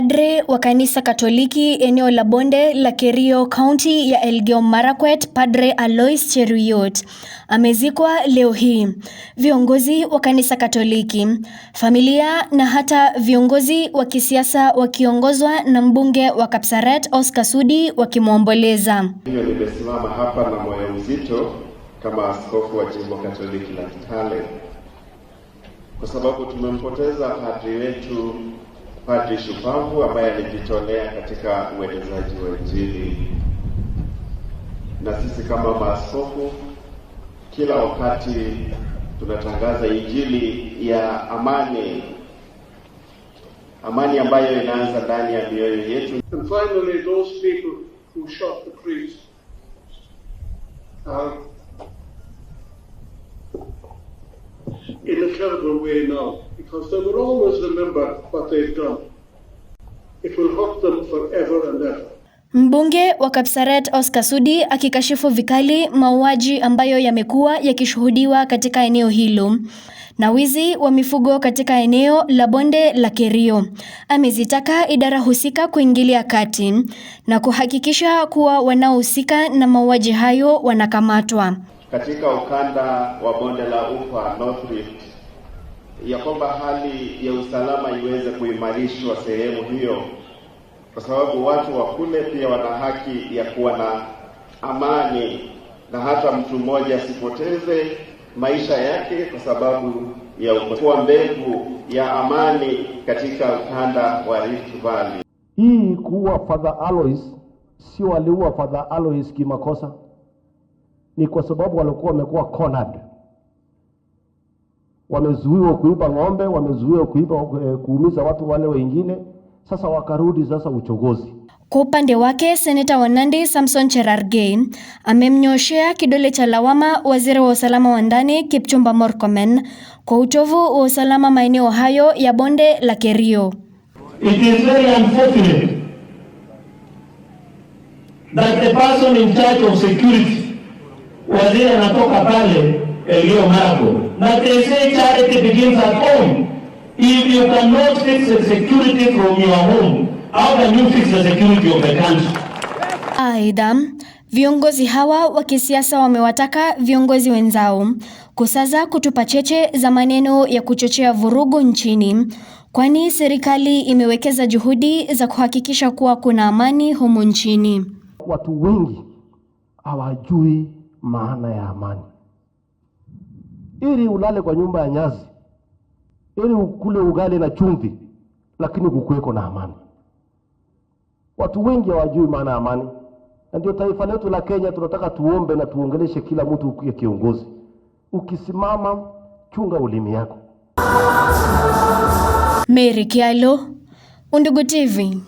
Padre wa kanisa Katoliki eneo la Bonde la Kerio, kaunti ya Elgeyo Marakwet, Padre Alois Cheruiyot amezikwa leo hii. Viongozi wa kanisa Katoliki, familia na hata viongozi wa kisiasa wakiongozwa na mbunge wa Kapsaret Oscar Sudi wakimwomboleza. nimesimama hapa na moyo mzito kama askofu wa jimbo Katoliki la Kitale kwa sababu tumempoteza padri wetu Padri shupavu ambaye alijitolea katika uenezaji wa Injili, na sisi kama maaskofu kila wakati tunatangaza Injili ya amani, amani ambayo inaanza ndani ya mioyo yetu. And finally those people who shot the priest uh, accountable way now because they will always remember what they've done. It will haunt them forever and ever. Mbunge wa Kapsaret Oscar Sudi akikashifu vikali mauaji ambayo yamekuwa yakishuhudiwa katika eneo hilo na wizi wa mifugo katika eneo la bonde la Kerio. Amezitaka idara husika kuingilia kati na kuhakikisha kuwa wanaohusika na mauaji hayo wanakamatwa. Katika ukanda wa bonde la Ufa North Rift ya kwamba hali ya usalama iweze kuimarishwa sehemu hiyo, kwa sababu watu wa kule pia wana haki ya kuwa na amani, na hata mtu mmoja asipoteze maisha yake kwa sababu ya kuwa mbegu ya amani katika ukanda wa Rift Valley. Hii kuwa Father Alois sio aliua Father Alois kimakosa, ni kwa sababu walikuwa wamekuwa cornered wamezuiwa kuiba ng'ombe, wamezuiwa kuiba eh, kuumiza watu wale wengine, sasa wakarudi sasa uchokozi. Kwa upande wake seneta wa Nandi Samson Cherargei amemnyoshea kidole cha lawama waziri wa usalama wa ndani Kipchumba Murkomen kwa utovu wa usalama maeneo hayo ya bonde la Kerio. It is very unfortunate that the person in charge of security, waziri anatoka pale yaliyo mambo. But they say charity begins at home. If you cannot fix the security from your home, how can you fix the security of the country? Aidha, viongozi hawa wa kisiasa wamewataka viongozi wenzao kusaza kutupa cheche za maneno ya kuchochea vurugu nchini, kwani serikali imewekeza juhudi za kuhakikisha kuwa kuna amani humu nchini. Watu wengi hawajui maana ya amani ili ulale kwa nyumba ya nyazi, ili ukule ugali na chumvi, lakini kukuweko na amani. Watu wengi hawajui maana ya amani, na ndio taifa letu la Kenya tunataka tuombe na tuongeleshe kila mtu ukuye kiongozi. Ukisimama chunga ulimi yako. Mary Kyalo, Undugu TV.